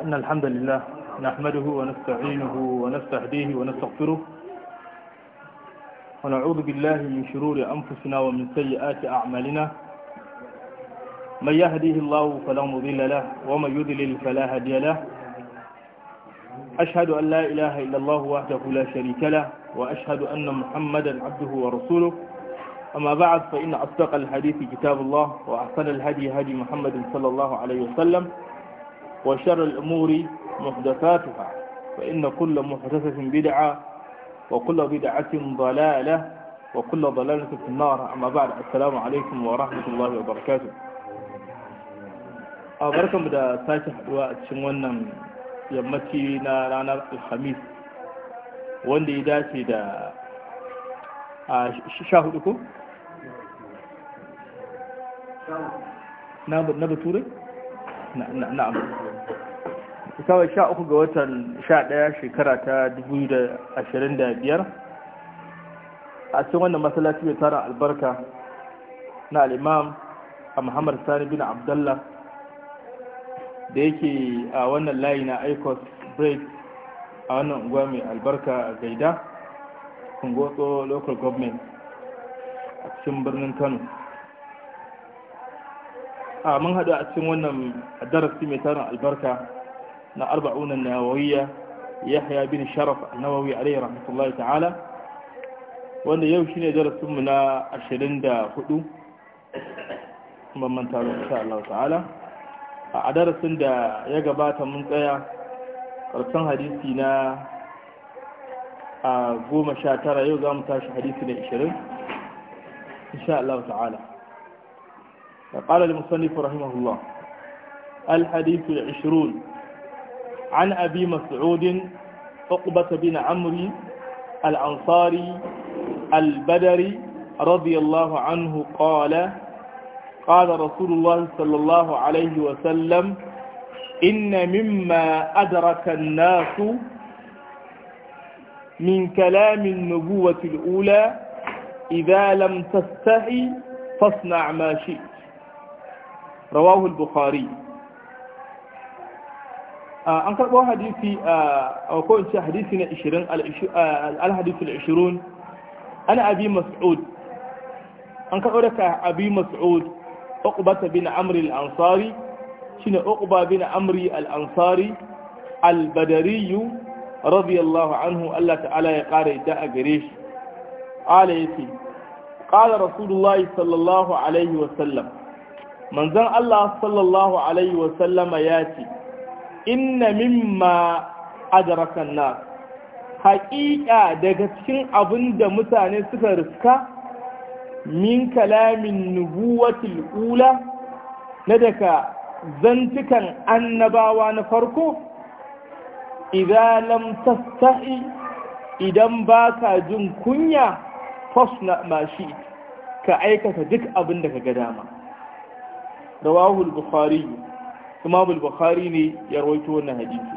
إن الحمد لله نحمده ونستعينه ونستهديه ونستغفره ونعوذ بالله من شرور أنفسنا ومن سيئات أعمالنا من يهديه الله فلا مضل له ومن يذلل فلا هادي له أشهد أن لا إله إلا الله وحده لا شريك له وأشهد أن محمدا عبده ورسوله أما بعد فإن أصدق الحديث كتاب الله وأحسن الهدي هدي محمد صلى الله عليه وسلم وشر الأمور محدثاتها فإن كل محدثة بدعة وكل بدعة ضلالة وكل ضلالة في النار أما بعد السلام عليكم ورحمة الله وبركاته أبركم بدأ ساكح دواء تشمونا يمتي نانا الخميس wanda ya dace da a sha hudu ko? na bature? na'am kawai sha uku ga watan sha ɗaya shekara ta dubu da ashirin da biyar a cikin wannan masallaci mai tara albarka na al'imam a muhammadu sani bin abdullah da yake a wannan layi na icos break a wannan unguwa mai albarka gaida kungotso local government a cikin birnin kano a mun haɗu a cikin wannan darasi mai tarin albarka na arba'unan nawawiyya yahya bin sharaf nawawi alaihi rahmatullah ta'ala wanda yau shine darasinmu na 24 mamanta da insha Allah ta'ala a darasin da ya gabata mun tsaya ƙarshen hadisi na a goma sha tara yau za mu tashi hadisi na 20 insha Allah ta'ala قال المصنف رحمه الله الحديث العشرون عن أبي مسعود عقبة بن عمرو الأنصاري البدري رضي الله عنه قال قال رسول الله صلى الله عليه وسلم إن مما أدرك الناس من كلام النبوة الأولى إذا لم تستحي فاصنع ما شئت rawahu al-bukhari ah, an karɓo hadisi a ah, kowace hadisi na 20 al-hadisul 20 ana abi mas'ud an karɓo daga abi mas'ud uqbata bin amri al-ansari shine uqba bin amri al-ansari al-badari radiyallahu anhu Allah ta'ala ya ƙara yadda a gare shi ala yace qala rasulullahi sallallahu alaihi wa sallam manzon Allah sallallahu alaihi wasallama ya ce inna mimma adrakan na, haƙiƙa daga cikin abin da mutane suka riska min kalamin nubuwatul ula na daga zantukan annabawa na farko idan lam tastahi idan baka jin kunya fasna mashi ka aikata duk abin da ka ga dama Rawahul bukhari imam bukhari ne ya rawaito wannan hadisi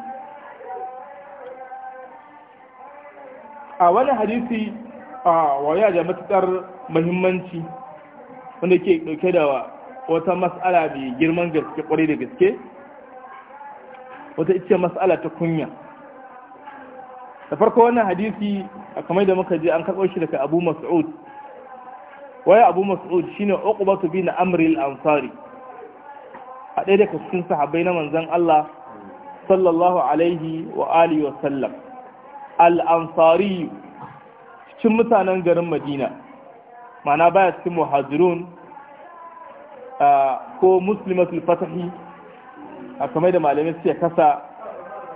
a wani hadisi a waya da matukar muhimmanci wanda ke dauke da wata mas'ala mai girman gaske kwarai da gaske wata ita mas'ala ta kunya da farko wannan hadisi a kamar da muka je an karɓo shi daga abu mas'ud waya abu mas'ud shine uqbatu bin amr al-ansari a ɗaya daga cikin sahabbai na manzan Allah sallallahu alaihi wa alihi wa sallam al cikin mutanen garin Madina mana baya cikin muhajirun ko muslimatul fatahi a kamar da malamai suke kasa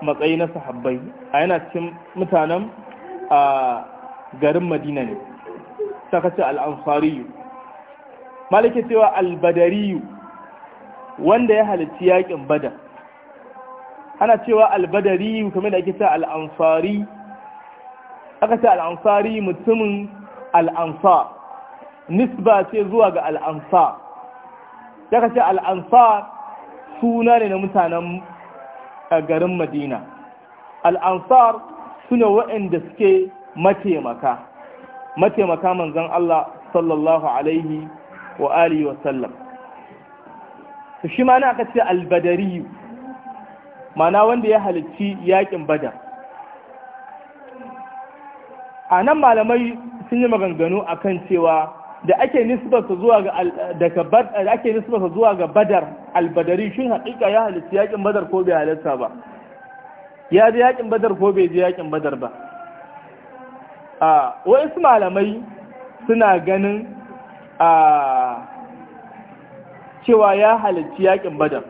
matsayi na sahabbai a yana cikin mutanen garin Madina ne ta kace al-ansari cewa al-badariyu wanda ya halitti yakin badar ana cewa albadari kamar da ake ta al'amfari aka ta al'amfari mutumin al’amfa nisba ce zuwa ga ya ka ce al’amfa suna ne na mutanen a garin madina al'amfar suna waɗanda suke mataimaka mataimaka manzan Allah sallallahu alaihi wa alihi wasallam to shi ma na aka ce albadariyu mana wanda ya halicci yakin badar a nan malamai sun yi maganganu a kan cewa da ake nisbarsa zuwa ga daga da ake nisbarsa zuwa ga badar albadari shin haƙiƙa ya halicci yakin badar ko bai halitta ba ya ji yakin badar ko bai ji yakin badar ba a wasu malamai suna ganin a cewa ya halarci yakin badar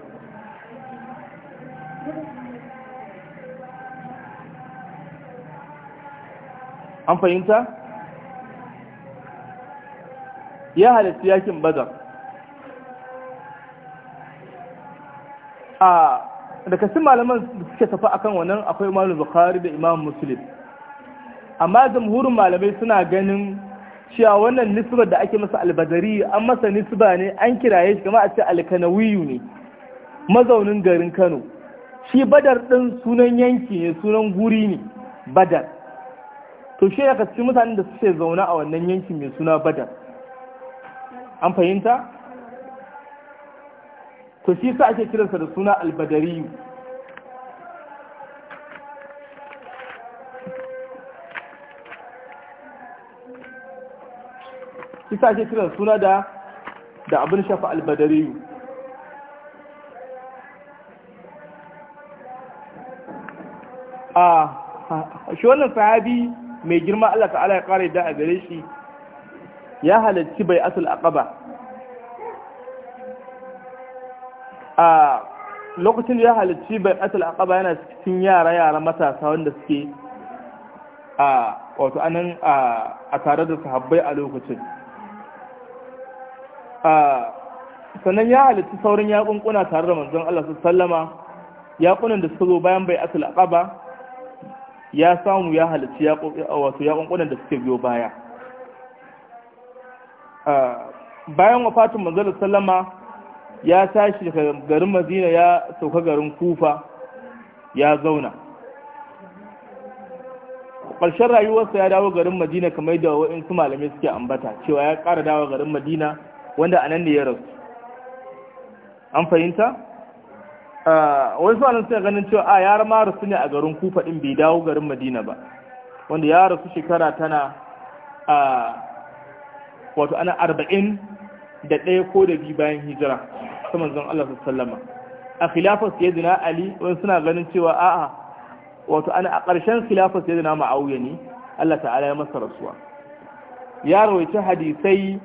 an fahimta ya halarci yakin badar a da kasin malaman da suke tafi akan wannan akwai malu bukari da imam musulun amma zamhurin malamai suna ganin cewa wannan nisbar da ake masa albadari an masa nisba ne an kiraye shi kama a ce alkanawiyu ne mazaunin garin kano shi badar ɗin sunan yanki ne sunan guri ne badar to shi ya kasance mutanen da suke zaune a wannan yankin mai suna badar an fahimta to shi sa ake kiransa da suna albadariyu shi sa ake kiran suna da da abin shafa albadariyu a shi wannan sahabi mai girma Allah ta'ala ya kare da a gare shi ya halarci bai asul aqaba a lokacin da ya halarci bai asul aqaba yana cikin yara yara matasa wanda suke a wato anan a tare da sahabbai a lokacin sannan ya saurin ya yaƙunƙuna tare da manzon Allah su sallama yaƙunan da suka zo bayan bai asul aqaba ya samu ya halitta wato yaƙunƙunan da suke biyo baya bayan wafatin manzon Allah sallama ya tashi daga garin Madina ya sauka garin Kufa ya zauna ƙarshen rayuwarsa ya dawo garin Madina kamar da wa'in su malamai suke ambata cewa ya ƙara dawo garin Madina wanda a nan ne ya rasu an fahimta wasu anan suna ganin cewa a yara ma rasu ne a garin kufa ɗin bai dawo garin madina ba wanda ya rasu shekara tana a wato ana arba'in da ɗaya ko da biyu bayan hijira Saman zan Allah sallama a khilafar sayyidina ali wani suna ganin cewa a, wato ana a ƙarshen khilafar sayyidina ma'auya ne Allah ta'ala ya masa rasuwa ya rawaice hadisai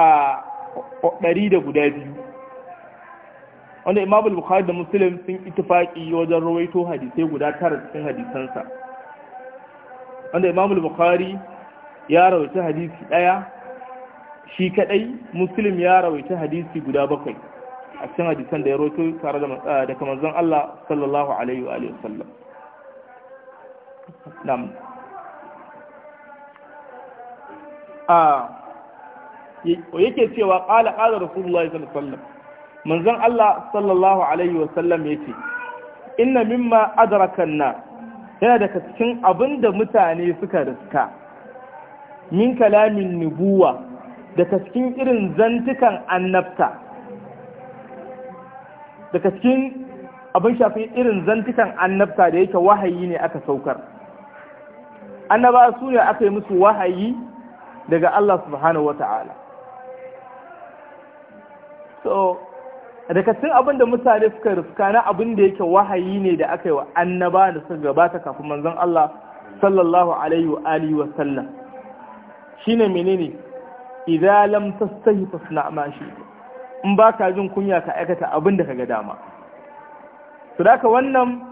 a ɗari da guda biyu wanda imam bukhari da muslim sun itufaƙi wajen rawaito hadisai guda tara cikin hadisansa wanda imam bukhari ya rawaita hadisi ɗaya shi kaɗai muslim ya rawaita hadisi guda bakwai a cikin hadisan da ya rawaito tare da daga zan Allah sallallahu alaihi wa sallam. wasallam ah, yake cewa qala qala rasulullahi sallallahu alaihi wasallam manzon Allah sallallahu alaihi wasallam yace inna mimma adraka na yana daga cikin abinda mutane suka riska min kalamin nubuwa daga cikin irin zantukan annabta daga cikin abin shafi irin zantukan annabta da yake wahayi ne aka saukar annaba su ne aka yi musu wahayi daga Allah subhanahu wa ta'ala so daga cikin abin da mutane suka riska na abin da yake wahayi ne da aka yi wa annaba da suka gabata kafin manzon Allah sallallahu alaihi wa alihi wa sallam shine menene idza lam tastahi suna ma shi in baka jin kunya ka aikata abin da kaga dama to daka wannan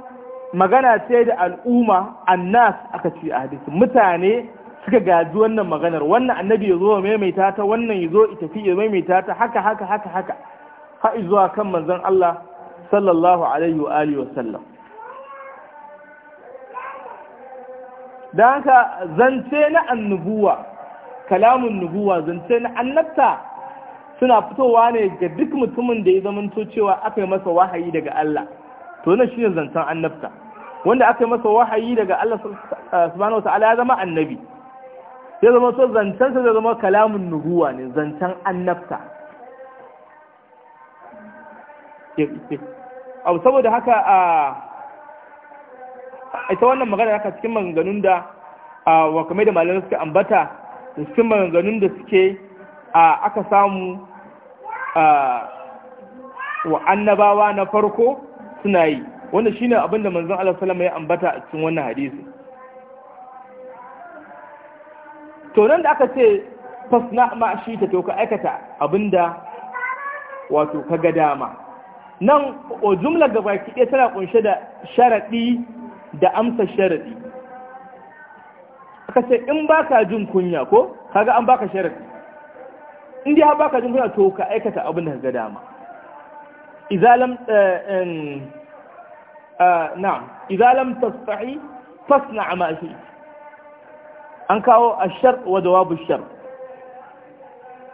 magana ce da al'umma annas aka ci a hadisi mutane suka gaji wannan maganar wannan annabi ya zo maimaita ta wannan ya zo tafi ya maimaita ta haka haka haka haka har zuwa kan manzon Allah sallallahu alaihi wa alihi wasallam dan haka zance na annubuwa kalamun nubuwa zance na annabta suna fitowa ne ga duk mutumin da ya zamanto cewa aka yi masa wahayi daga Allah to nan shine zancen annabta wanda aka yi masa wahayi daga Allah subhanahu wa ta'ala ya zama annabi ya zama so zancensa zai zama kalamun nubuwa ne zancen annabta abu saboda haka a ita wannan magana haka cikin maganganun da wa kamar da malamai suka ambata da cikin maganganun da suke aka samu wa annabawa na farko suna yi wanda shine abin da manzon Allah sallama ya ambata a cikin wannan hadisi to nan da aka ce fasna ma shi ta to ka aikata abinda wato ka ga dama nan o jumla gaba ki ɗaya tana kunshe da sharadi da amsa sharadi. aka ce in baka jin kunya ko kaga an baka sharadi? in dai baka jin kunya to ka aikata abinda ka ga dama idza lam eh, eh, na'am idza lam fasna ma shi an kawo ashar wa jawabu shar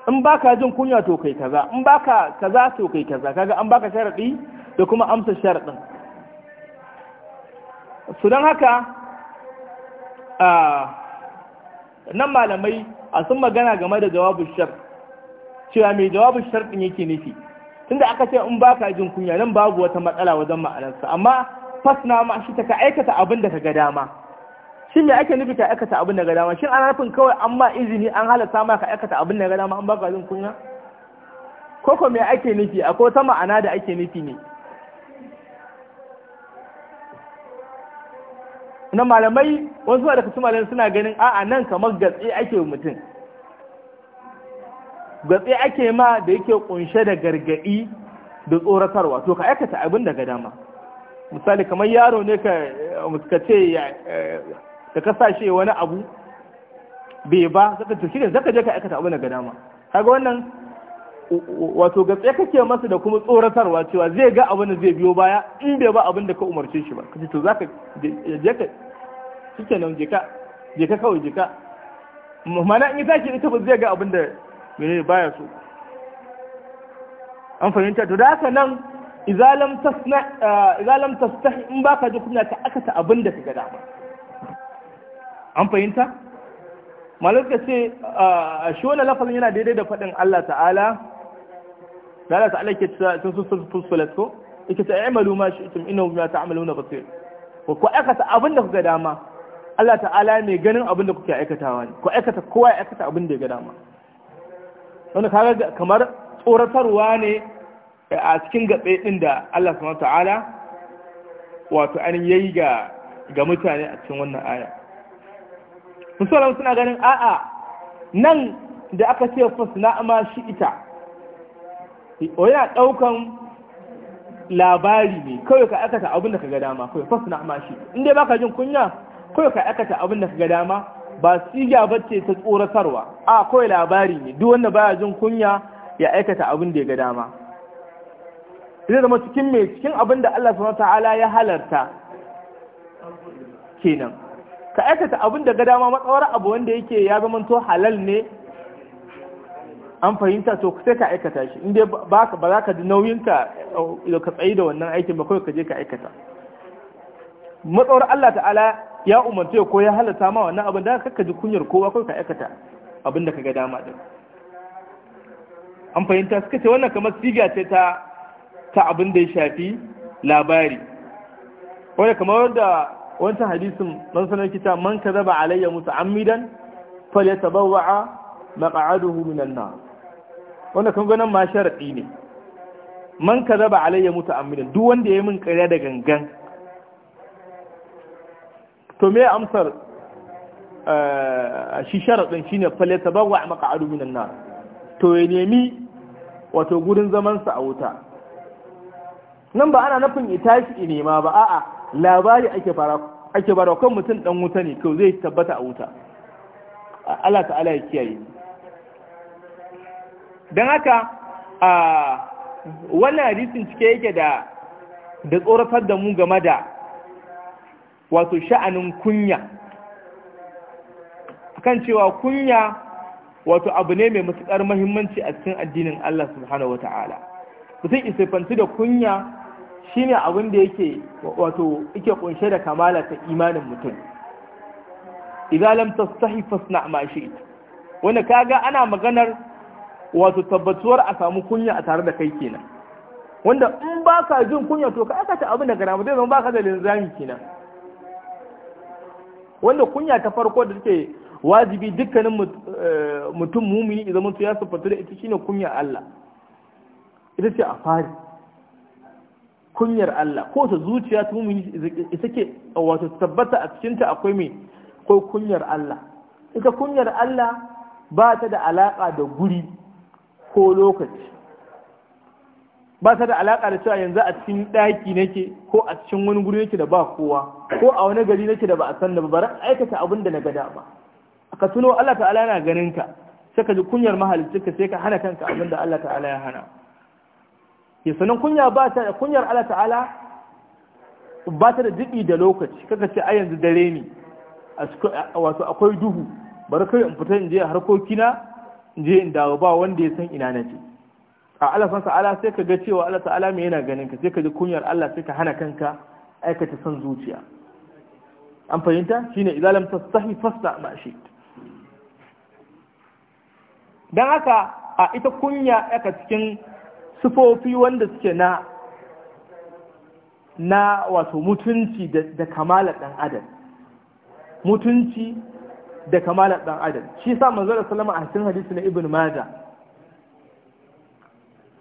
in baka jin kunya to kai kaza in baka kaza to kai kaza kaga an baka sharadi da kuma amsa sharadin su don haka a nan malamai a sun magana game da jawabu shar cewa mai jawabu shar din yake nufi tunda aka ce in baka jin kunya nan babu wata matsala wajen ma'anarsa amma fasna ma shi ta ka aikata abin da ka ga dama shin me ake nufi ka aikata abin da ga dama shin ana nufin kawai an ma izini an halatta ma ka aikata abin da ga dama an baka jin kunya koko me ake nufi akwai wata ma'ana da ake nufi ne na malamai wasu da kasu malamai suna ganin a'a nan kamar gatsi ake mutum Gatsi ake ma da yake kunshe da gargadi da tsoratarwa to ka aikata abin da ga dama misali kamar yaro ne ka ce eh, ka sa shi wani abu bai ba zaka to shine zaka je ka aikata abu na ga dama kaga wannan wato ga tsaye kake masa da kuma tsoratarwa cewa zai ga abin da zai biyo baya in bai ba abin da ka umarce shi ba kace to zaka je ka kike nan je ka je ka kawai je ka mana in zaki ita ba zai ga abin da menene baya so an fahimta to da haka nan lam tasna lam tastahi in baka ji kunya ta akata abin da kaga dama an fahimta malaka ce a shi wani lafazin yana daidai da faɗin Allah ta'ala da Allah ta'ala ke sun sun sun sulat ko ike ta amalu ma shi tum ina ma ta'amalu na basir ko ko aikata ta da kuka dama Allah ta'ala mai ganin abinda da kuke aikatawa ne ko aikata kowa ya aikata abinda da ya ga dama wanda kaga kamar tsoratarwa ne a cikin gabe din da Allah subhanahu ta'ala wato an yayi ga ga mutane a cikin wannan aya musulman suna ganin a'a nan da aka ce na ma shi ita yana ɗaukan labari ne kawai ka aikata abin da ka ga dama kawai na ma shi inda ba ka jin kunya kawai ka aikata abin da ka ga dama ba siga bacce ta tsoratarwa a kawai labari ne duk wanda baya jin kunya ya aikata abin da ya ga dama zai zama cikin mai cikin abin da Allah subhanahu ta'ala ya halarta kenan ka aikata abin da ga dama matsawar abu wanda yake ya zama to halal ne an fahimta to sai ka aikata shi inda ba ba za ka ji nauyin ka eh, ka tsayi da wannan aikin ba kawai ka je ka aikata matsawar Allah ta'ala ya umarce ko ya halatta ma wannan abin da ka ji kunyar kowa kawai ka aikata abin da ka ga dama din an fahimta suka ce wannan kamar siga ce ta ta abin da ya shafi labari wanda kamar da wancan hadisin man sanar kita man ka zaba alayya musu amidan fale tabawa'a maƙa'aduhu minan na wanda kan gwanan ma sharaɗi ne man ka zaba alayya musu amidan duk wanda ya yi min ƙarya da gangan to me amsar eh, shi sharaɗin shine fale tabawa'a maƙa'aduhu minan na to ya nemi wato gurin zamansa a wuta nan ba ana nufin itashi nema ba a'a labari ake fara ake kan mutum dan wuta ne to zai tabbata a wuta Allah ta'ala ya kiyaye dan haka a wannan hadisin cike yake da da tsoratar da mu game da wato sha'anin kunya kan cewa kunya wato abu ne mai matuƙar mahimmanci a cikin addinin Allah subhanahu wa ta'ala mutum isifanci da kunya Shi ne abin da yake wato yake kunshe da kamala ta imanin mutum idan ta tastahi fasna ma wanda kaga ana maganar wato tabbatuwar a samu kunya a tare da kai kenan wanda in baka jin kunya to ka aikata abin da garamu zai zama ba ka da linzami kenan wanda kunya ta farko da take wajibi dukkanin eh, mutum mumini idan mutum ya siffatu da ita shine kunya Allah ita ce a fari kunyar Allah ko ta zuciya ta mumini ita ke wato tabbata a cikinta akwai mai ko kunyar Allah ita kunyar Allah ba ta da alaka da guri ko lokaci ba ta da alaƙa da cewa yanzu a cikin daki nake ko a cikin wani guri nake da ba kowa ko a wani gari nake da ba a san da ba aikata abin da na gada ba ka tuno Allah ta'ala yana ganin ka sai ka ji kunyar mahalicci ka sai ka hana kanka abin da Allah ta'ala ya hana ke sanin kunya ba ta kunyar Allah ta'ala ba ta da dubi da lokaci kaka ce a yanzu dare ne wato akwai duhu bari kai in fita in je harkokina in je in dawo ba wanda ya san ina nake a Allah san ta'ala sai ka ga cewa Allah ta'ala me yana ganin ka sai ka ji kunyar Allah sai ka hana kanka aikata son zuciya an fahimta shine idza lam tastahi fasta ma shi dan haka a ita kunya aka cikin sufofi wanda suke na na wato mutunci da kamala ɗan adam mutunci da kamala ɗan adam shi sa manzara salama a cikin hadisi na ibn maja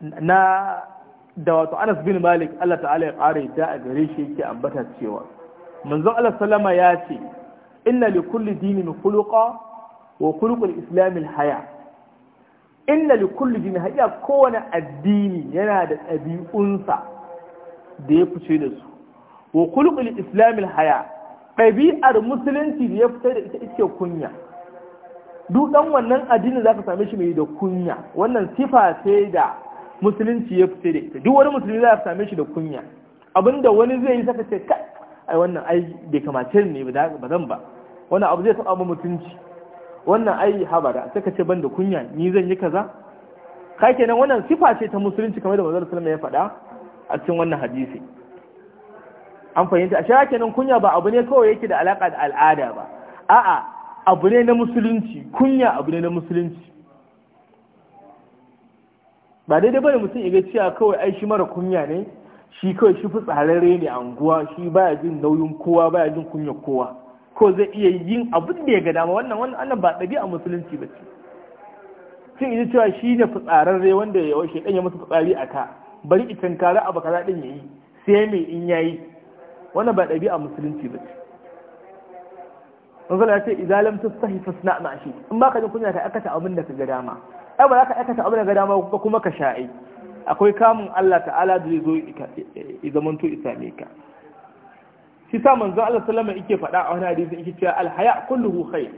na da wato anas bin malik allah ta'ala ya ƙara yadda a gare shi yake ambata cewa manzon allah salama ya ce inna li kulli dinin khuluqa wa khuluqul islamil haya inna li kulli dini haƙiƙa kowane addini yana da ɗabi'unsa da ya fice da su wa kulqul islamil haya ɗabi'ar musulunci da ya fice da ita ita kunya duk dan wannan addini zaka same shi mai da kunya wannan sifa ce da musulunci ya fice da ita duk wani musulmi za ka same shi da kunya abinda wani zai yi saka ce kai ai wannan ai bai kamace ne ba zan ba wannan abu zai taɓa mutunci wannan ai habara sai ka ce ban kunya ni zan yi kaza ka kenan wannan sifa ce ta musulunci kamar da manzon sallallahu ya faɗa a cikin wannan hadisi an fahimta a shara kenan kunya ba abu ne kawai yake da alaka da al'ada ba a'a abu ne na musulunci kunya abu ne na musulunci ba daidai bane mutum ya ga cewa kawai ai shi mara kunya ne shi kawai shi fitsararre ne a unguwa shi baya jin nauyin kowa baya jin kunya kowa ko zai iya yin abin da ya ga dama wannan wannan annan ba ɗabi'a musulunci ba ce sun yi cewa shi ne fitsararre wanda ya yaushe ɗan ya masa fitsari a ka bari itin kare abu kaza din ya yi sai mai in ya yi wannan ba ɗabi'a musulunci ba ce manzo ya ce idan lam sahi fasna ma shi in baka jin kunya ka aikata abin da ka ga dama ai ba za ka aikata abin da ga dama kuma ka sha'ai akwai kamun Allah ta'ala da zai zo ya zamanto isame ka shi sa manzo Allah sallama yake faɗa a wani hadisi yake cewa alhaya kulluhu khair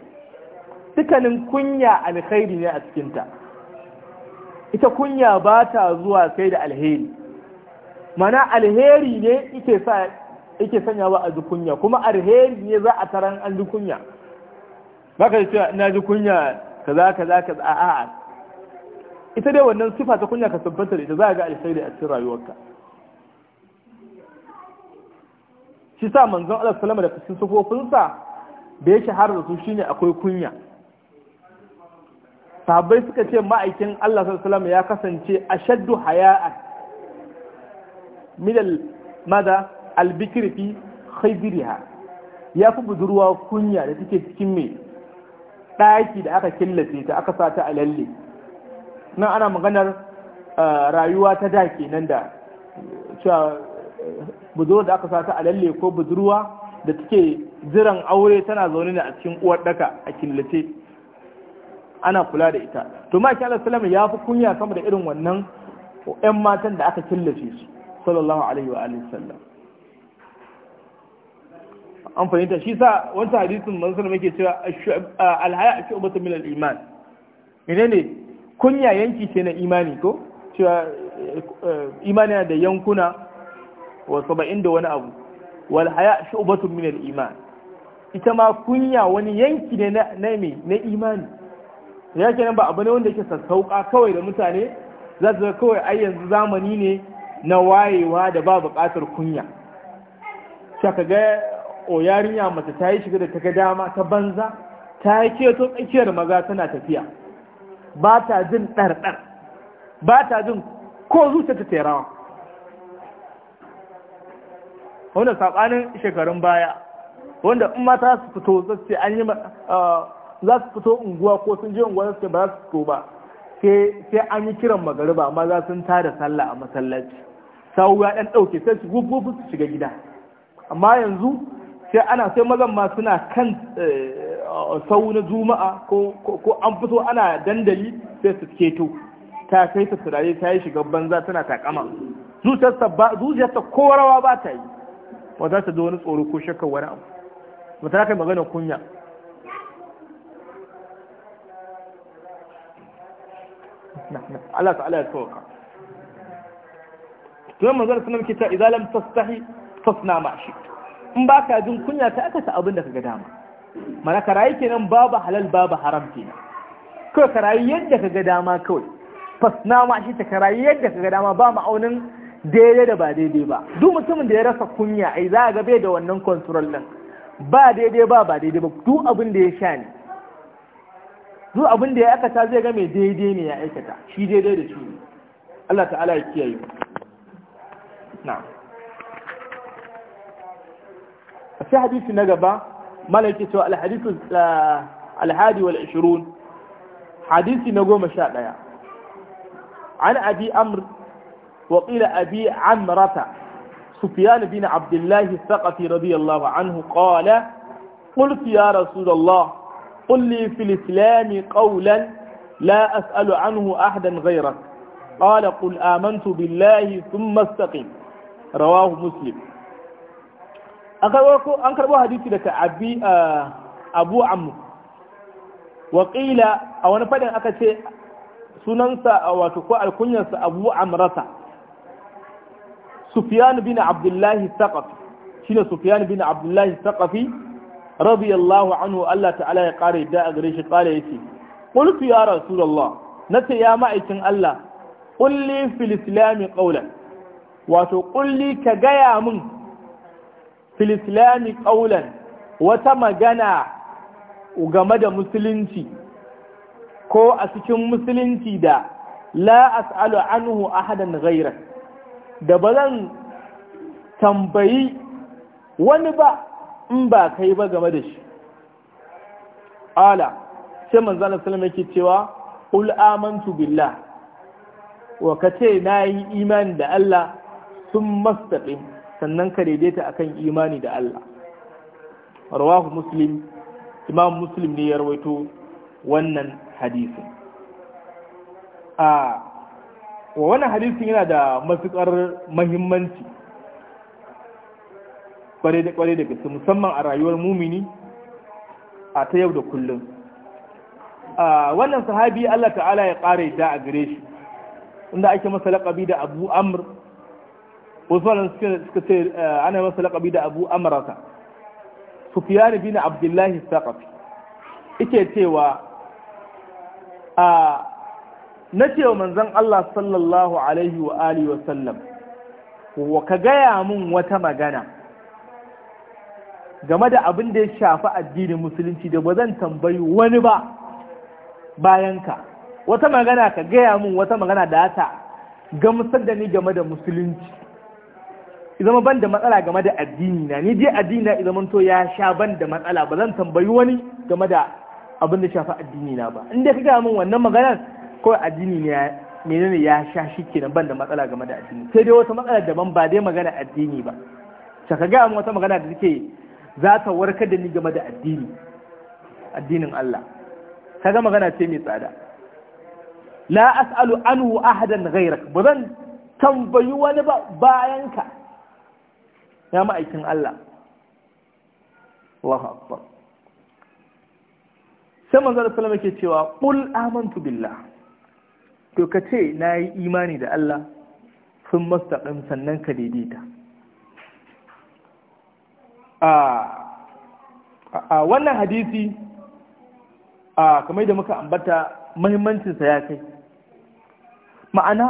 dukanin kunya alkhairi ne a cikin ta ita kunya ba ta zuwa sai da alheri mana alheri ne yake sa yake sanyawa a kunya kuma alheri ne za a taran an kunya baka cewa ina ji kunya kaza kaza kaza a'a ita dai wannan sifa ta kunya ka tabbatar ita za ga alheri a cikin rayuwarka shi sa manzon Allah salama da cikin sufofinsa da ya shahara da su shine akwai kunya sahabbai suka ce ma'aikin Allah salama ya kasance ashaddu haya'a Midal mada albikirfi fi khaybiriha ya fi budurwa kunya da take cikin mai ɗaki da aka killace ta aka sa ta a lalle nan ana maganar eh, rayuwa ta da kenan da budurwa da aka sata a lalle ko budurwa da take ziran aure tana zaune ne a cikin uwar daka a killace ana kula da ita to ma Allah sallallahu ya fi kunya sama da irin wannan ƴan matan da aka killace su sallallahu alaihi wa alihi sallam an fahimta shi sa wancan hadisin manzo sallallahu yake cewa ah, alhaya shu'batu min al-iman menene kunya yanki ce na imani ko cewa eh, eh, imani da yankuna wa saba'in da wani abu wal haya shubatu min al iman ita ma kunya wani yanki ne na me na imani ya nan ba abu ne wanda yake sassauka kawai da mutane za su kawai ai yanzu zamani ne na wayewa da ba buƙatar kunya ka ga o yarinya mace ta yi shiga da ta ga dama ta banza ta yi to tsakiyar maza tana tafiya ba ta jin ɗarɗar ba ta jin ko zuciya ta terawa wanda sabanin shekarun baya wanda in mata su fito za su an yi uh, za su fito unguwa ko sun je unguwa su ba za su fito ba sai an yi kiran magariba amma za sun tada sallah a masallaci sawu ya ɗauke sai su su shiga gida amma yanzu sai ana sai mazan ma suna kan eh, sau na juma'a ko an fito ana dandali sai su keto ta kai ta turare ta yi shiga banza tana takama zuciyarta kowarawa rawa ba ta yi ba za ta zo wani tsoro ko shakka wani abu ba ta kai magana kunya Allah ta'ala ya tsoka to yamma zan sanar kita idan lam tastahi fasna ma shi in ba ka jin kunya ta aka ta abin da kaga dama mana ka rayi kenan babu halal babu haram kenan kawai ka rayi yadda kaga dama kawai fasna ma shi ta ka rayi yadda kaga dama ba ma'aunin daidai da ba daidai ba duk mutumin da ya rasa kunya ai za a ga da wannan control nan ba daidai ba ba daidai ba duk abin da ya sha ne duk abin da ya aikata zai ga mai daidai ne ya aikata shi daidai da shi Allah ta'ala ya kiyaye A sai hadisi na gaba malaki cewa alhadisu eh, alhadi wal 20 hadisi na 11 an abi amr وقيل أبي عمرة سفيان بن عبد الله الثقفي رضي الله عنه قال قلت يا رسول الله قل لي في الإسلام قولا لا أسأل عنه أحدا غيرك قال قل آمنت بالله ثم استقم رواه مسلم an karɓo hadisi أبي آه، أبو ammu وقيل أو wani faɗin aka ce سننسى أو ko alkunyarsa أبو عمرة Sufyan bin Abdullahi Saqafi shine Sufyan bin Abdullahi Saqafi radiyallahu anhu Allah ta'ala ya kare da a gare shi kare yace qultu ya rasulullah nace ya ma'aikin Allah qulli fil islam qawlan wato qulli ka gaya mun fil islam qawlan wata magana game da musulunci ko a cikin musulunci da la as'alu anhu ahadan ghayrak da ba zan tambayi wani ba in ba kai ba game da shi ala sai manzan Asalam yake cewa ul'amantu amantu billah wa na yi imani da Allah sun mastaqim sannan ka daidaita akan imani da Allah rawahu muslim imam muslim ne ya rawaito wannan hadisin a ah, wa wannan hadisin yana da matuƙar mahimmanci kware da ƙwarai da gaske musamman a rayuwar mumini a ta yau da kullum wannan sahabi Allah ta'ala ya ƙara da a gare shi inda ake masa laƙabi da abu amr wasu wannan suka ce eh, ana masa laƙabi da abu amrata sufiyani bin abdullahi saƙafi ike cewa a na ce wa manzon Allah sallallahu alaihi wa alihi wa sallam wa ka gaya mun wata magana game da abin da ya shafi addinin musulunci da ba zan tambayi wani ba bayan ka wata magana ka gaya mun wata magana da ta gamsar da ni game da musulunci zama ban da matsala game da addini na ni je addini na zama to ya sha ban da matsala ba zan tambayi wani game da abin da shafi addini na ba inda ka gaya mun wannan maganar Ko addini ne menene ya sha shi kenan ban da matsala game da addini sai dai wata matsala daban ba dai magana addini ba ta kaga gaya wata magana da take za ta warkar da ni game da addini addinin Allah kaga magana ce mai tsada la as'alu anhu ahadan ghayrak ba zan tambayi wani ba bayanka ya ma'aikin Allah Allahu akbar sai manzo sallallahu alaihi wasallam yake cewa qul amantu billah to ka ce na yi imani da Allah sun mastaɗin sannan ka daidaita a wannan hadisi a kamar da muka ambata mahimmancinsa ya kai ma'ana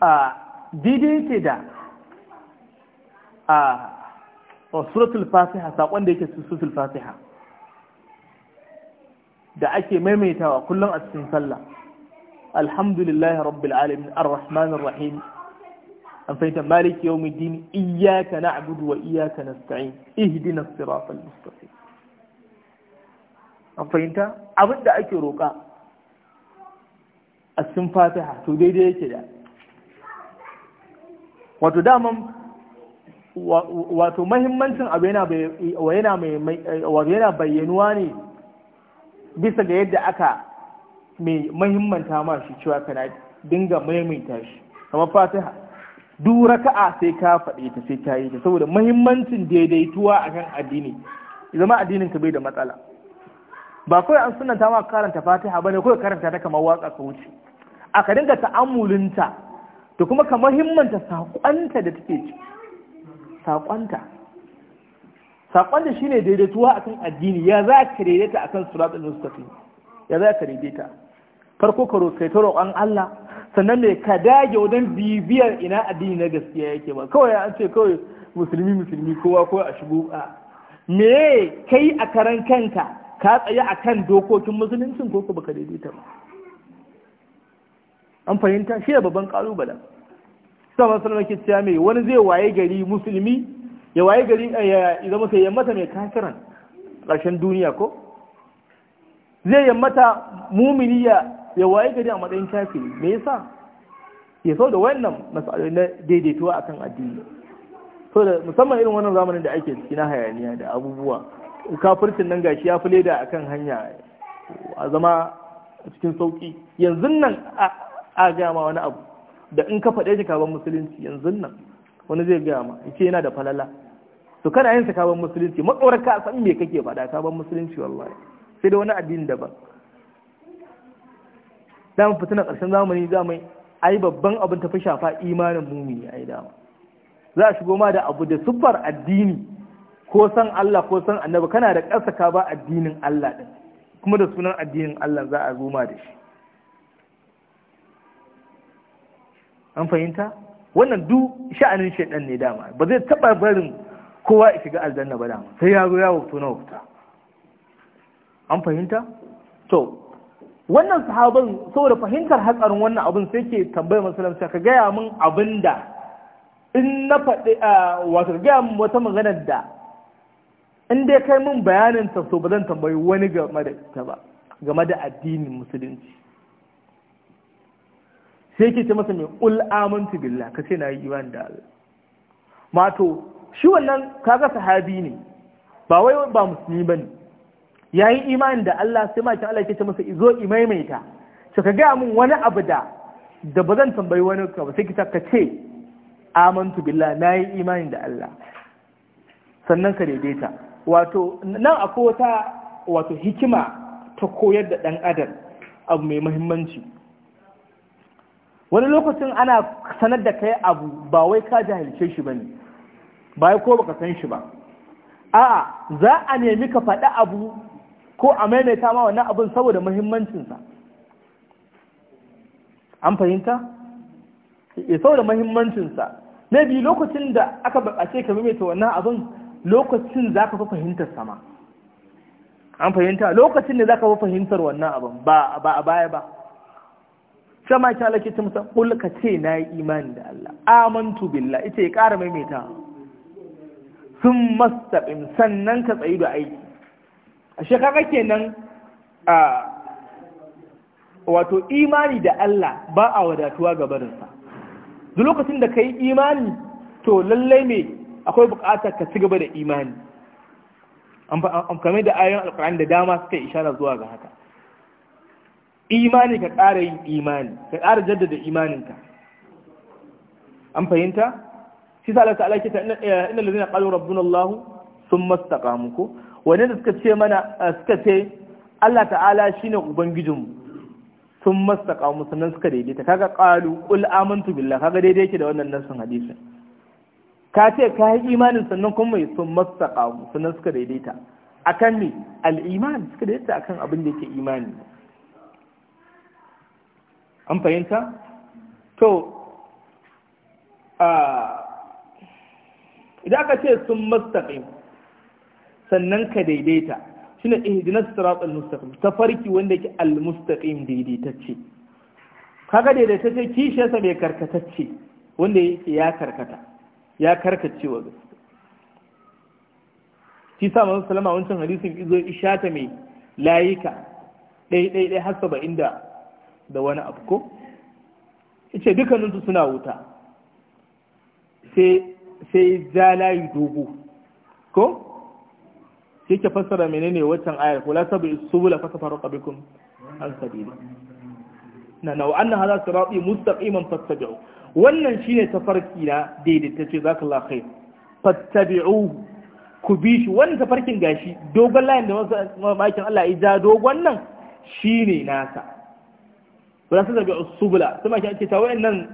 a daidaita da a suratul fasiha saƙon da yake suratul fasiha da ake maimaitawa kullum a cikin sallah alhamdulillahi rabbil alamin arrahmanir rahim an fahimta maliki yawmiddin iyyaka na'budu wa iyyaka nasta'in ihdinas siratal mustaqim an fahimta abin da ake roka a cikin fatiha to daidai yake da wato dama wato mahimmancin abu yana bayyanuwa ne bisa ga yadda aka mai mahimmanta ma shi cewa kana dinga maimaita shi kamar fatiha duk raka'a sai ka faɗi ta sai ka yi ta saboda mahimmancin daidaituwa akan addini zama addinin ka bai da matsala ba kawai an sunanta ma karanta fatiha bane kawai karanta ta kamar waka ka wuce a ka dinga ta'amulinta da kuma ka mahimmanta saƙonta da take ci saƙonta saƙon da shi ne daidaituwa akan addini ya za ka daidaita akan al mustafi ya za ka daidaita farko ka roƙe roƙon Allah sannan ne ka dage wajen bibiyar ina addini na gaskiya yake ba kawai an ce kawai musulmi musulmi kowa ko a shigo a me kai a karan kanka ka tsaye kan dokokin musuluncin ko ba ka daidaita ba an fahimta shi ne babban kalubalen sama salama ke cewa mai wani zai waye gari musulmi ya waye gari eh, ya zama sai yammata mai kafiran ƙarshen duniya ko zai yammata mumini ya gari a matsayin kafin me yasa ya sau da wannan masalolin na daidaituwa akan addini so da musamman irin wannan zamanin da ake ciki na hayaniya da abubuwa kafircin nan gashi ya fi leda akan hanya a zama cikin sauki yanzu nan a gama wani abu da in ka faɗe shi kaban musulunci yanzu nan wani zai gama ma yana da falala to kana yin sakaban musulunci matsawar ka san me kake faɗa sabon musulunci wallahi sai da wani addini daban dan fitina ƙarshen zamani zamani ai babban abin tafi shafa imanin mumini ai dama za a shigo ma da abu da siffar addini ko san Allah ko san annabi kana da ƙasa ka ba addinin Allah din kuma da sunan addinin Allah za a zo da shi an fahimta wannan duk sha'anin shaidan ne dama ba zai taɓa barin kowa ya shiga aljanna ba dama sai ya zo ya wuto na wuta an fahimta to wannan sahaban saboda fahimtar hatsarin wannan abin sai ke tambayar musulunci ka gaya min abin da in na faɗi wato gaya min wata maganar da in dai kai min bayanin ta so ba zan tambayi wani game da ita ba game da addinin musulunci sai ke ce masa mai ul amantu billah ka ce na yi imani da Allah mato shi wannan kaga sahabi ne ba wai ba musulmi bane yayin imani da Allah sai makin Allah yake ce masa izo imaimaita to ka gaya min wani abu da da ba zan tambayi wani ka ba sai ka ce amantu billah nayi imani da Allah sannan ka daidaita wato nan akwai wata wato hikima ta koyar da dan adam abu mai muhimmanci wani lokacin ana sanar da kai abu ba wai ka jahilce shi bane ba ko baka san shi ba a'a za a nemi ka faɗi abu ko a maimaita ma wannan abin saboda muhimmancinsa an fahimta? ya eh, saboda muhimmancinsa na biyu lokacin da aka ce ka maimaita wannan abin lokacin za ka fi fahimtar sama an fahimta lokacin da za ka fi fahimtar wannan abin ba a baya ba sama ki ta musamman ƙulka ce na yi imani da Allah amantu billah ita ya ƙara maimaita sun mastaɓin sannan ka tsayi da aiki a shekara kenan a wato imani da Allah ba a wadatuwa barinsa? duk lokacin da ka yi imani to lallai me akwai bukatar ka ci gaba da imani amfani da ayon alkur'an da dama suka ishara zuwa ga haka imani ka ƙara yin imani ka ƙara jaddada imaninka an fahimta shi sa ta'ala ke ta da zina qalu rabbin Allah masta istaqamu wani da suka ce mana eh, suka ce Allah ta'ala shine ubangijinmu sun masta mu sannan suka daidaita kaga qalu qul amantu billah kaga daidai yake da wannan nassin hadisi ka ce ka yi imanin sannan kuma mai sun masta mu sannan suka daidaita akan me al-iman suka daidaita akan abin da yake imani an fahimta to a ah, idan aka ce sun mastaƙi sannan ka daidaita shi shine ihdinas mustaƙi ta farki wanda ke al mustaqim daidaitacce kaga daidaitacce kishiyarsa mai karkatacce wanda yake ya karkata ya karkace wa gaske shi sa masu salama wancan hadisin izo ishata mai layika ɗaiɗaiɗai dai dai har 70 da da wani abu ko yace dukkanin su suna wuta sai sai ja layi dubu ko shi ke fassara menene waccan ayar kula sabu subula fasa faru kabikun an sabili na nau an na hada sirati mustaqiman fattabi'u wannan shine tafarki na daidaitacce zakallahu khair fattabi'u ku bi shi wannan tafarkin gashi dogon layin da makin Allah ya ja dogon nan shine nasa wala sabu subula sai ma ake ta wayannan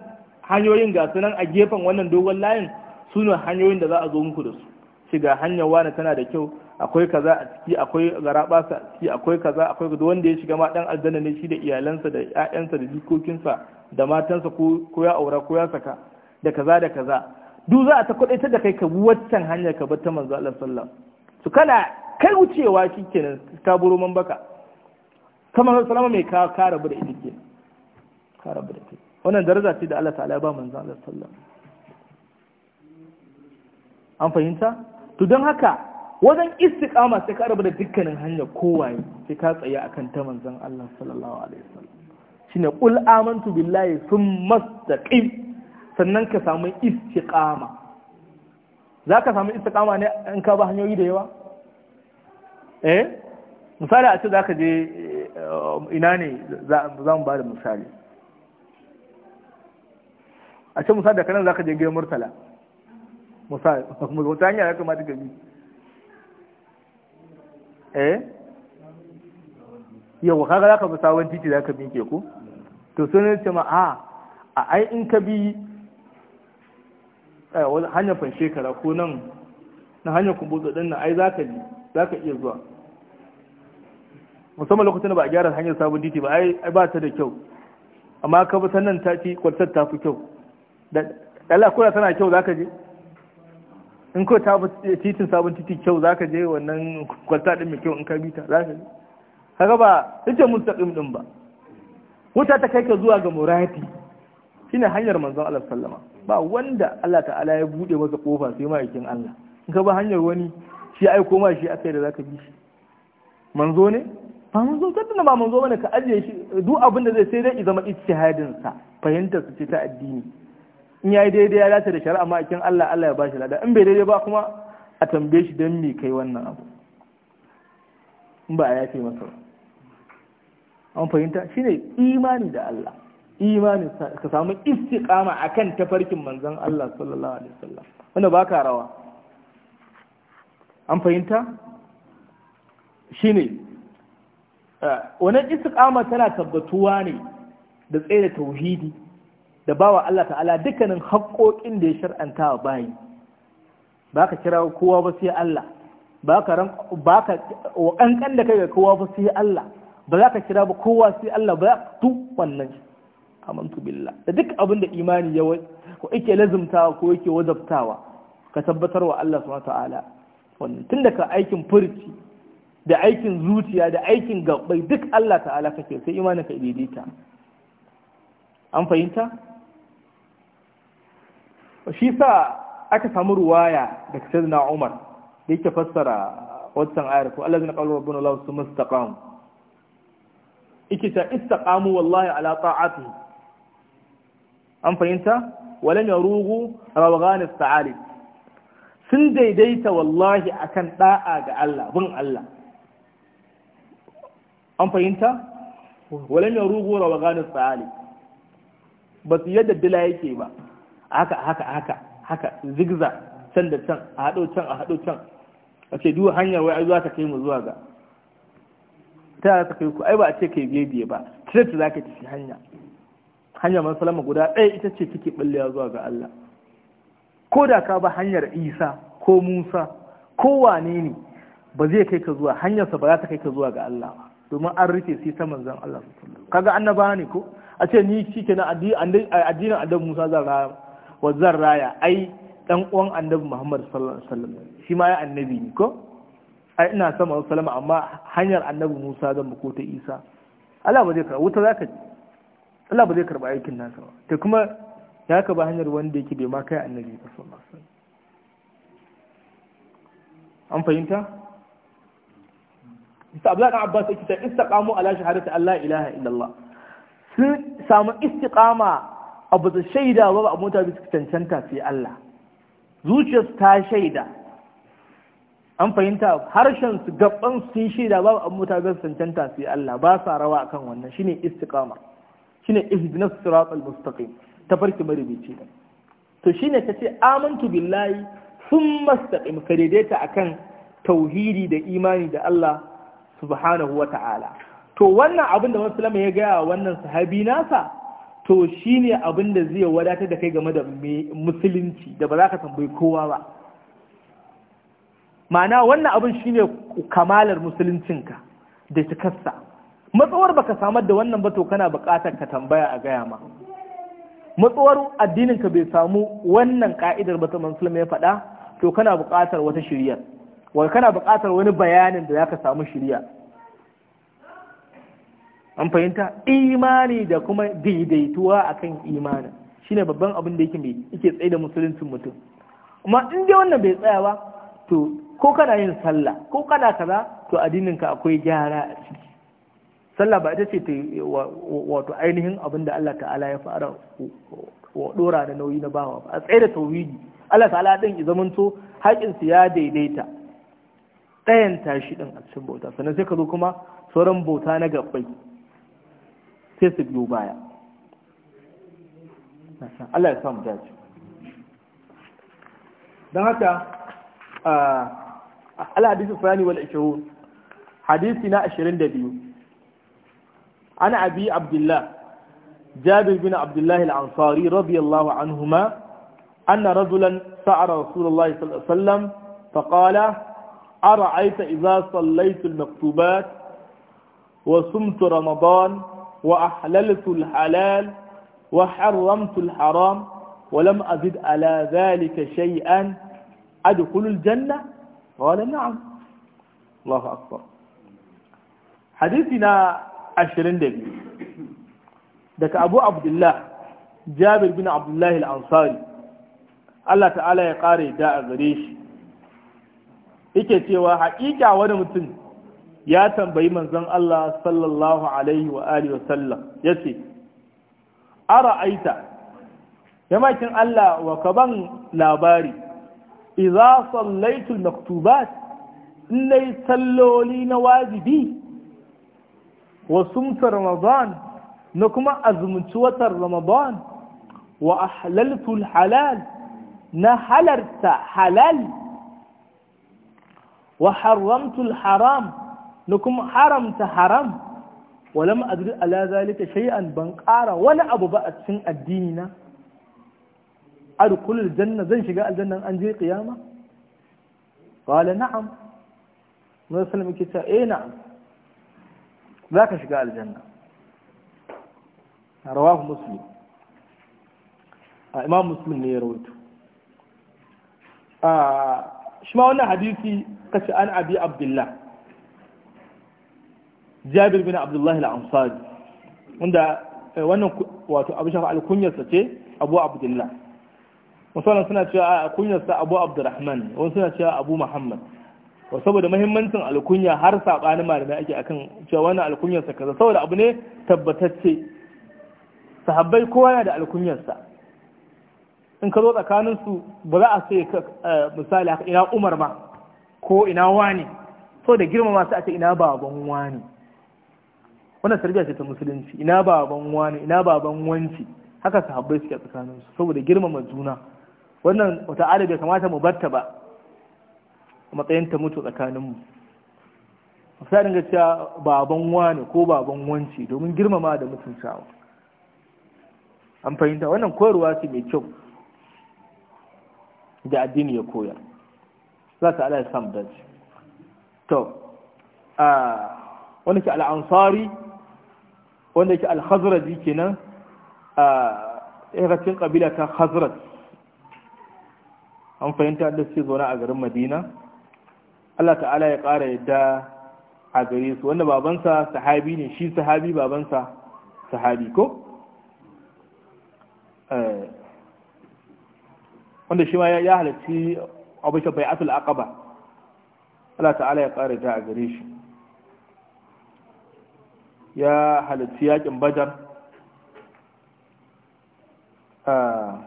hanyoyin gasu nan a gefen wannan dogon layin su ne hanyoyin da za a zo muku da su shi ga hanyar wani tana da kyau akwai kaza a ciki akwai garabasa a ciki akwai kaza akwai kaza wanda ya shiga ma dan aljanna ne shi da iyalansa da ƴaƴansa da jikokinsa da matansa ko ya aura ko ya saka da kaza da kaza duk za a ta da kai ka bi waccan hanyar ka bar ta manzo Allah sallallahu su kana kai wucewa shikenan ka buro man baka kamar sallama mai ka ka rabu da ita ke ka rabu da ita wannan daraja ce da Allah ta'ala ya ba manzo Allah sallallahu an fahimta to don haka wajen istiqama sai ka rabu da dukkanin hanyar kowaye sai ka tsaya akan ta manzon Allah sallallahu alaihi wasallam shine qul amantu billahi thumma istaqim sannan ka samu istiqama zaka samu istiqama ne in ka ba hanyoyi da yawa eh misali a ce zaka je eh, ina ne za mu ba da misali a ce misali da kanan zaka je gidan murtala wata hanya ya kamata ka bi eh yau kaga za ka bi sabon titi za ka binke ko to sun ce ma a ah, a ai in ka bi eh, hanyar fan shekara ko nan na hanyar kumbuzo din na ai za ka bi za ka iya zuwa musamman lokacin da ba a gyara hanyar sabon titi ba ai ba ta da kyau amma ka bi sannan ta ci kwantar ta fi kyau da Allah tana kyau za ka je in ko ta titin sabon titi kyau za ka je wannan kwalta ɗin mai kyau in ka bi ta za ka je haka ba ita mustaqim ɗin ba wuta ta kai ka zuwa ga murati shine hanyar manzon Allah sallama ba wanda Allah ta'ala ya bude masa kofa sai ma yakin Allah in ka ba hanyar wani shi aiko ma shi akai da za ka bi shi manzo ne ba manzo tattuna ba manzo bane ka ajiye shi duk abin da zai sai dai zama ittihadin sa fahimtar su ce ta addini in ya yi daidai ya dace da shari'a ma kin Allah Allah ya bashi lada in bai daidai ba kuma a tambaye shi don me kai wannan abu in ba a yafe masa ba an fahimta shine imani da Allah imani ka samu istiqama akan tafarkin manzon Allah sallallahu alaihi wasallam wanda baka rawa an fahimta shine eh, wannan istiqama tana tabbatuwa ne da tsaye da tauhidi da bawa Allah ta'ala dukkanin haƙoƙin da ya shar'anta wa bayi ba ka kira kowa ba sai Allah ba ka ka wa ƙanƙan da kai ga kowa ba sai Allah ba za ka kira ba kowa sai Allah ba tu wannan amantu billah da duk abin da imani ya ko yake lazumtawa ko yake wazabtawa ka tabbatar wa Allah subhanahu ta'ala wannan tun daga aikin furci da aikin zuciya da aikin gabbai duk Allah ta'ala kake sai imanin ka daidaita an fahimta shi sa aka samu ruwaya kasar na Umar da yake fassara watan ayar ko allazina qalu kawo allah thumma istaqamu ike ta istaqamu wallahi ala ta'atihi an fahimta walam yarugu rawghan as-sa'alib sun daidaita wallahi akan da'a ga Allah bin Allah an fahimta walam yarugu rawghan as-sa'alib ba su yadda dila yake ba haka haka haka haka zigza can da can a haɗo can a haɗo can a ce duk hanyar wai za ta kai mu zuwa ga ta za ta kai ku ai ba a ce kai biye biye ba tirat za ka tafi hanya hanya hanyar salama guda ɗaya ita ce take ɓallewa zuwa ga Allah ko da ka ba hanyar Isa ko Musa ko wane ne ba zai kai ka zuwa hanyarsa ba za ta kai ka zuwa ga Allah ba domin an rufe sai ta manzan Allah kaga annaba ne ko a ce ni shikenan na addinin Adam Musa zan rama wa zan raya ai dan uwan annabi Muhammad sallallahu alaihi wasallam shi ma ya annabi ne ko ai ina son manzo sallama amma hanyar annabi Musa zan ko ta Isa Allah ba zai karba wuta zaka Allah ba zai karba aikin nan sama to kuma ya ka ba hanyar wanda yake bai ma kai annabi ba sallallahu alaihi wasallam an fahimta Isa Abdullahi Abbas yake ta istiqamu ala shahadati Allah ilaha illallah sun samu istiqama abu da shaida ba a mota bisa cancanta sai Allah zuciyarsu ta shaida an fahimta harshen su gaban sun shaida ba a mota bisa cancanta sai Allah ba sa rawa akan wannan shine istiqama shine ta siratal mustaqim tafarki maribici to shine tace amantu billahi thumma istaqim ka daidaita akan tauhidi da imani da Allah subhanahu wata'ala to wannan abin da musulmi ya wa wannan sahabi nasa to shi ne abin da zai wadatar da kai game da musulunci da ba za ka tambayi kowa ba ma'ana wannan abin shi ne kamalar musuluncinka da cikarsa matsawar baka samar da wannan ba to kana bukatar ka tambaya a gaya ma matsawar addininka bai samu wannan ka'idar ba ta ya faɗa to kana buƙatar wata shirya wai kana bukatar wani bayanin da zaka samu shirya an fahimta imani da kuma daidaituwa a kan imani shine babban abin da yake mai tsaye da musuluncin mutum amma in dai wannan bai tsaya ba to ko kana yin sallah ko kana kaza to addinin ka akwai gyara a ciki sallah ba ita ce ta wato ainihin abin da Allah ta'ala ya fara wa dora da nauyi na bawa ba a tsaye da tauhidi Allah ta'ala din ya zamanto haƙinsu ya daidaita ɗayan tashi din a cikin bauta sannan sai ka zo kuma sauran bauta na gabbai sai su biyo baya. Allah ya samu jaji. Don haka, Allah hadisi fayani wal ishiru, hadisi na ashirin da biyu, ana abi Abdullah, jabir bin Abdullah al’ansari, radiyallahu anhuma, anna rajulan sa’ara Rasulullah sallallahu فقال أرأيت إذا صليت المكتوبات وصمت Ramadan. وأحللت الحلال وحرمت الحرام ولم أزد على ذلك شيئا أدخل الجنة قال نعم الله أكبر حديثنا عشرين دقيقة دك أبو عبد الله جابر بن عبد الله الأنصاري الله تعالى يقاري داء غريش yake cewa haƙiƙa wani mutum ya tambayi manzon Allah sallallahu alaihi wa alihi wasallam yace ara'aita yamakin Allah wa kaban labari idza sallaitul maktubat lai salloli na wajibi wa sumta ramadan na kuma azumci watan ramadan wa ahlaltul halal na halarta halal wa haramtul haram na kuma haramta haram walam adri ala zalika shay'an ban ƙara wani abu ba a cikin addini na adkhulul janna zan shiga aljanna an je qiyama qala na'am Musa sallallahu alaihi wasallam eh na'am zaka shiga aljanna rawahu muslim a imam muslim ne ya rawaito a shi ma wannan hadisi kace an abi abdullah jabir bin abdullahi al-ansari wanda eh, wannan wato abu shafa alkunyarsa ce abu abdullah musamman suna cewa a kunyarsa abu abdurrahman wani suna cewa abu muhammad wa saboda mahimmancin alkunya har sabanin malamai ake akan cewa wannan alkunyarsa kaza saboda abu ne tabbatacce sahabbai kowa yana da alkunyarsa in ka zo tsakaninsu ba za a sai eh, misali ina umar ma ko ina wani so da girmama su a ce ina baban wani wannan tarbiyya ce ta musulunci ina baban wani ina baban wanci haka sahabbai suke tsakanin su saboda girmama juna wannan wata ala bai kamata mu batta ba matsayin ta mutu tsakanin mu sai dinga cewa baban wani ko baban wanci domin girmama da mutuntawa an fahimta wannan koyarwa ce mai kyau da addini ya koyar za ta ala ya samu dace to a wani ke al'ansari wanda yake al-khazraji kenan a irafin kabila ta khazraj an fahimta da suke zaune a garin madina Allah ta'ala ya ƙara yadda a gare su wanda babansa sahabi ne shi sahabi babansa sahabi ko eh, wanda shi ma ya halarci abin shafai asul aqaba Allah ta'ala ya ƙara yadda a gare shi ya halarci yakin badar a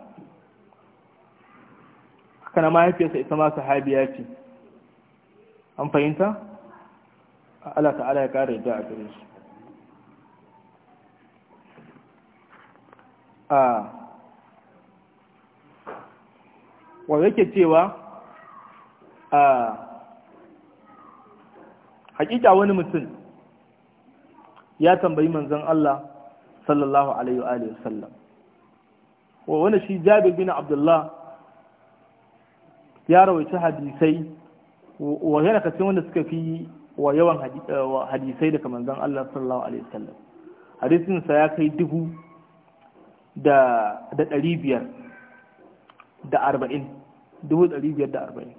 na mahaifiyarsa ita ma sahabiya ce an fahimta Allah ta'ala ya kare yadda a gare shi a wa yake cewa a hakika wani mutum ya tambayi manzon Allah sallallahu alaihi wa alihi wasallam wa wani shi Jabir bin Abdullah ya rawaita hadisai wa yana kace wanda suka fi wa yawan eh, hadisai daga manzon Allah sallallahu alaihi wasallam hadisin sa ya kai dubu da da ɗari biyar da arba'in dubu ɗari biyar da arba'in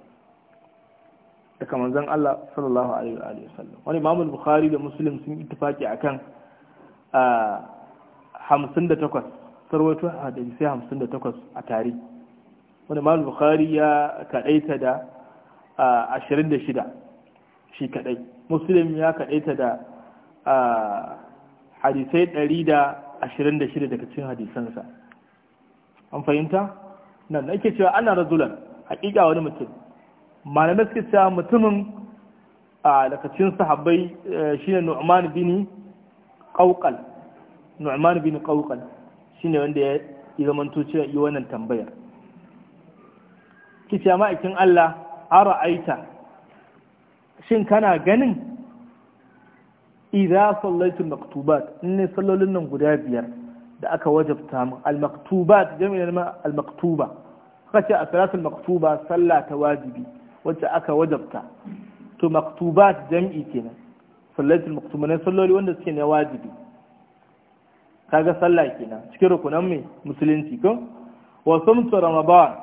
daga manzon Allah sallallahu alaihi wa sallam wani Imam Bukhari da Muslim sun tafaki akan a 58 sarwato hadisi 58 a tare wani Imam Bukhari ya kadaita da 26 shi kadai Muslim ya kadaita da hadisai 126 daga cikin hadisansa an fahimta nan ake cewa ana razulan hakika wani mutum malamai suka cewa mutumin a lokacin sahabbai eh, shine nu'man bin qawqal nu'man bin qawqal shine wanda ya zamanto cewa yi wannan tambayar kice ma'aikin Allah ara aita shin kana ganin idza sallaitu maktubat inni sallolin nan guda biyar da aka wajabta min al-maktubat jami'an al-maktuba kace a salatul maktuba sallah ta wajibi wacce aka wajabta to maktubat jam'i kenan sallatul maktuma salloli wanda suke ne wajibi kaga sallah kenan cikin rukunan mai musulunci ko wa sumtu ramadan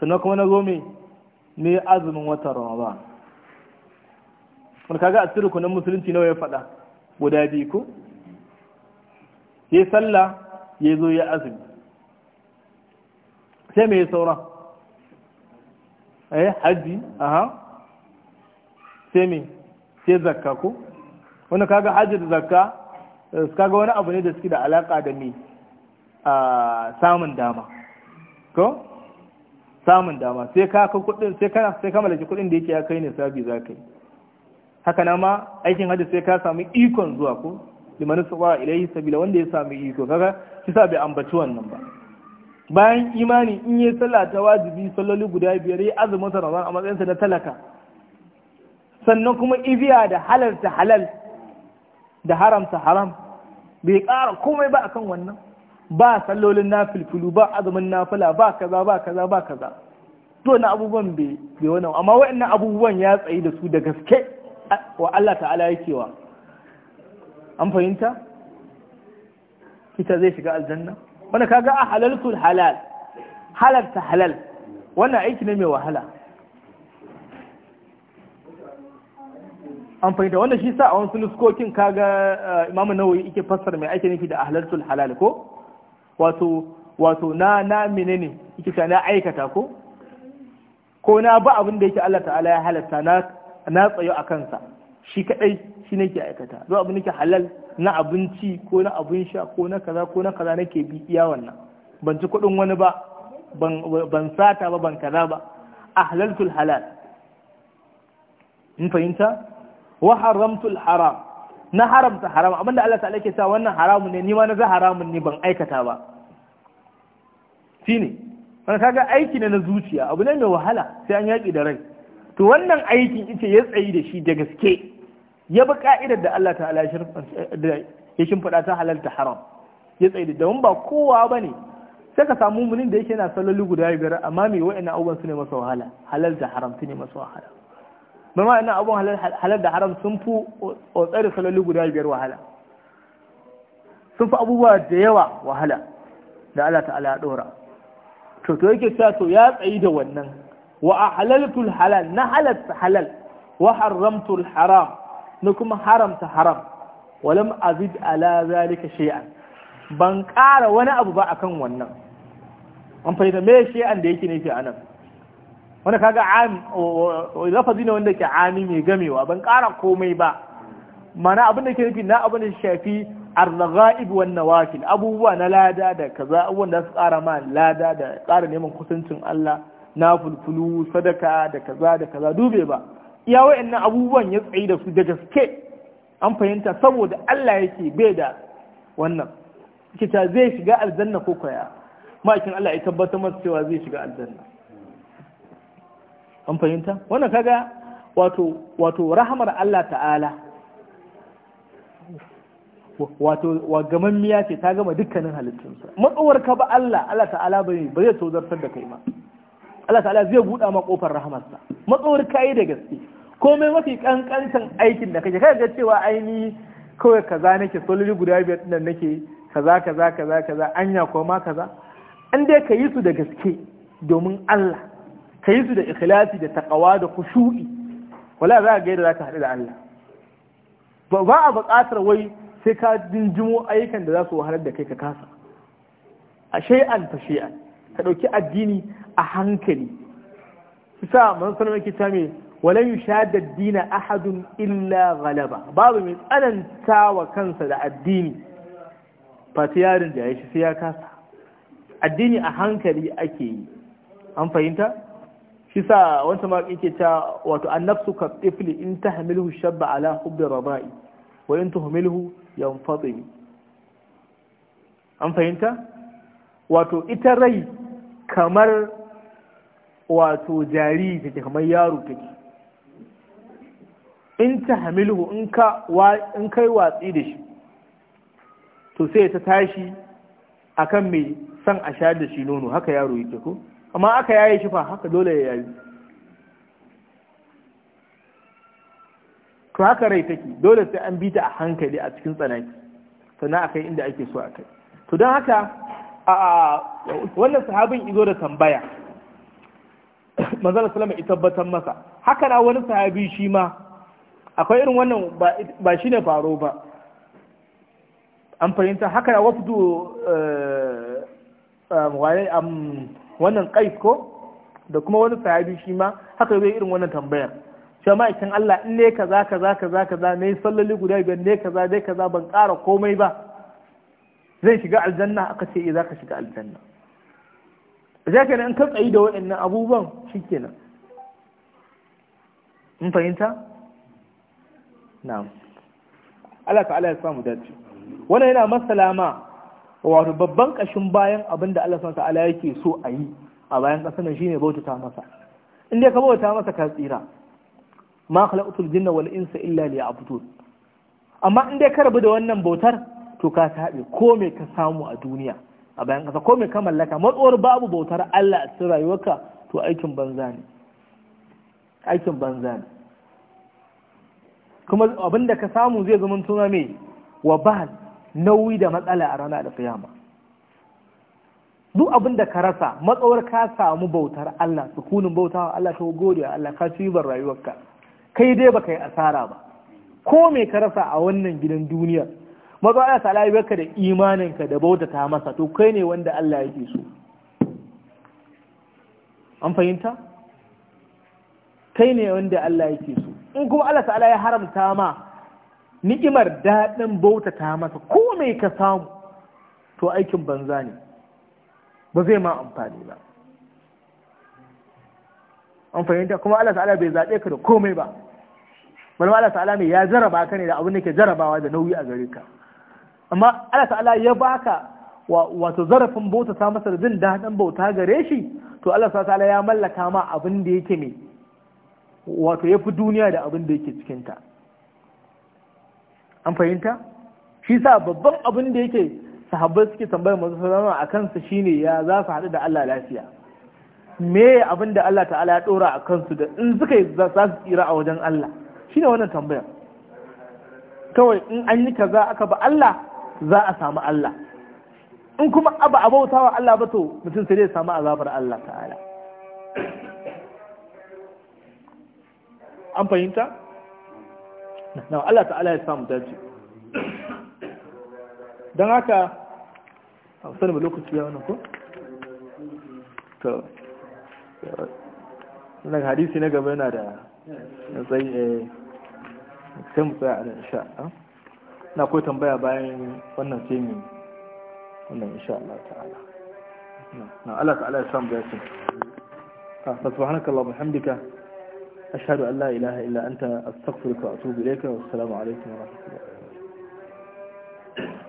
sannan kuma na zo mai ne azumin watan ramadan wani kaga a cikin rukunan musulunci nawa ya faɗa guda biyu ko ya sallah ya zo ya azumi sai mai saura eh haji aha sai me sai zakka ko wanda kaga haji da zakka eh, kaga wani abu ne da suke da alaka da me a samun dama ko samun dama sai ka ka kudin sai kana sai ka mallaki kudin da yake ya kai ne sabi zakai haka na ma aikin haji sai ka samu ikon zuwa ko liman sabara ilayhi sabila wanda ya samu iko kaga shi sa ambaci wannan ba bayan imani in yi sallah ta wajibi salloli guda biyar yi azumin sa a matsayinsa na talaka sannan kuma ibiya da halarta halal da haramta haram bai ƙara komai ba akan wannan ba sallolin na filfilu ba azumin nafila ba kaza ba kaza ba kaza to na abubuwan bai wannan amma waɗannan abubuwan ya tsayi da su da gaske wa Allah ta'ala yake wa an fahimta kita zai shiga aljanna wanda kaga a halaltul halal halarta halal wannan aiki ne mai wahala an fahimta wanda shi sa a wasu ka kaga eh, imamu nawawi ike fassara mai aiki nufi da halaltul halal ko wato wato na na menene yake ta na aikata ko ko na ba abin da yake Allah ta'ala ya halatta na na tsayo a kansa shi kadai shi nake aikata zuwa abu nake halal na abinci ko na abin sha ko na kaza ko na kaza nake bi iya wannan ban ci kudin wani ba ban sata ba ban kaza ba ahlaltul halal in fahimta wa haramtul haram na haramta haram abinda Allah ta'ala ke sa wannan haramun ne ni ma na za haramun ne ban aikata ba Shi ne, wannan kaga aiki ne na zuciya abu ne mai wahala sai an yaki da rai to wannan aikin ita ya tsayi da shi da gaske ya bi ka'idar da Allah ta'ala ya shimfiɗa ta halal ta haram ya tsaye da ba kowa ba ne sai ka samu munin da yake na saloli guda biyar amma mai wa'annan abubuwan su ne masa wahala halal da haram su ne masa wahala ma ina abubuwan halal da haram sun fi tsare saloli guda biyar wahala sun fi abubuwa da yawa wahala da Allah ta'ala ya ɗora to to yake sa to ya tsayi da wannan wa halaltul halal na halal wa haramtul haram na kuma haramta haram walam azid ala zalika shay'an ban kara wani abu ba akan wannan an fahimta me shay'an da yake nufi anan wanda kaga am lafazi ne wanda ke ami mai gamewa ban ƙara komai ba mana abin da ke nufi na abin da shafi arzaga'ib wan nawafil abubuwa na lada da kaza abubuwan da su ƙara ma lada da ƙara neman kusancin Allah na fulfulu sadaka da kaza da kaza dube ba iya wa'annan abubuwan ya tsayi da su da gaske an fahimta saboda Allah yake bai da wannan kita zai shiga aljanna ko kwaya ma'aikin Allah ya tabbatar masa cewa zai shiga aljanna an fahimta wannan kaga wato wato rahamar Allah ta'ala wato wa gamammiya ce ta gama dukkanin halittunsa matsawar ka ba Allah Allah ta'ala bai ba zai tozartar da kai ma Allah ta'ala zai buɗa ma kofar rahamarsa matsawar ka yi da gaske komai mafi kankancin aikin da kake kaga cewa ainihi kawai kaza nake sololi guda biyar da nake kaza kaza kaza kaza anya ko ma kaza an dai ka yi su da gaske domin Allah ka yi su da ikhlasi da taqwa da khushu'i wala za ka ga yadda za ka haɗu da Allah ba a buƙatar wai sai ka jinjimo ayyukan da za su wahalar da kai ka kasa a shay'an ta shay'an ka ɗauki addini a hankali sa man sanar yake ta me walan yushadda dina ahadun illa ghalaba babu mai tsananta wa kansa da addini fati yarin da ya shi sai ya kasa addini a hankali ake yi an fahimta shi sa wanta ma yake ta wato annafsu ka tifli in tahmilhu shabba ala hubbi rabai wa in ta tuhmilhu yanfadhi an fahimta wato ita rai kamar wato jariri take kamar yaro take in ta Hamilu in kai watsi da shi to sai ta tashi akan mai son a sha da shi nono haka yaro yake ko amma aka yaye shi fa haka dole ya yayi to haka rai take dole sai an bita a hankali a cikin tsanaki sannan kai inda ake so a kai. to don haka a wannan sahabin izo da tambaya manzon salama ita tabbatar masa haka na wani sahabi shi ma akwai irin wannan ba shi ne faro ba an fahimta haka ya wafdu eh, um, um, wannan kais ko da kuma wani sahabi shi ma haka zai irin wannan tambayar shi ma ikin Allah in ne kaza kaza kaza za ne sallali guda biyar ne kaza dai kaza ban ƙara komai ba zai shiga aljanna aka ce eh, za ka shiga aljanna zai kenan in ka tsayi da waɗannan abubuwan shi kenan in fahimta na'am Allah ta'ala ya samu dace wannan yana masalama wato babban kashin bayan abin da Allah ta'ala yake so a yi a bayan kasar nan shine bautata masa in dai ka bauta masa ka tsira ma khalaqatul jinna wal insa illa liya'budun amma in dai ka rabu da wannan bautar to ka tabe ko me ka samu a duniya a bayan ƙasa ko me ka mallaka matsowar babu bautar Allah a cikin rayuwarka to aikin banza ne aikin banza ne kuma abin da ka samu zai zama tuna mai wa ba nauyi da matsala a ranar fiyama duk abin da ka rasa matsawar ka samu bautar Allah sukunin bauta wa Allah ta gode wa Allah ka ci bar rayuwarka kai dai baka yi asara ba ko me ka rasa a wannan gidan duniya maza Allah ta da imaninka da ta masa to kai ne wanda Allah yake so an fahimta kai ne wanda Allah yake so in kuma Allah ta'ala ya haramta ma ni'imar daɗin bauta ta masa ko mai ka samu to aikin banza ne ba zai ma amfani ba an fahimta kuma Allah ta'ala bai zaɓe ka da komai ba bari Allah ta'ala mai ya jaraba ka ne da abin da ke jarabawa da nauyi a gare ka amma Allah ta'ala ya baka wato zarafin bauta ta masa da jin daɗin bauta gare shi to Allah ta'ala ya mallaka ma abin da yake mai wato ya fi duniya da abin da yake cikinta an fahimta shi sa babban abin da yake sahabbai suke tambayar masu sallama a kansa shine ya za su haɗu da Allah lafiya me abin da Allah ta'ala ya ɗora a kansu da in suka yi za su tsira a wajen Allah shi ne wannan tambayar kawai in an yi kaza aka ba Allah za a samu Allah in kuma abu abautawa Allah ba to mutum sai zai samu azabar Allah ta'ala an fahimta na Allah ta'ala ya samu dace don haka a wasu da lokaci ya wani ko? to na hadisi na gaba yana da na tsaye eh, sai mu tsaya a insha na kawai tambaya bayan wannan sai wannan insha Allah ta'ala na Allah ta'ala ya samu dace subhanakallahumma ka. أشهد أن لا إله إلا أنت أستغفرك وأتوب إليك والسلام عليكم ورحمة الله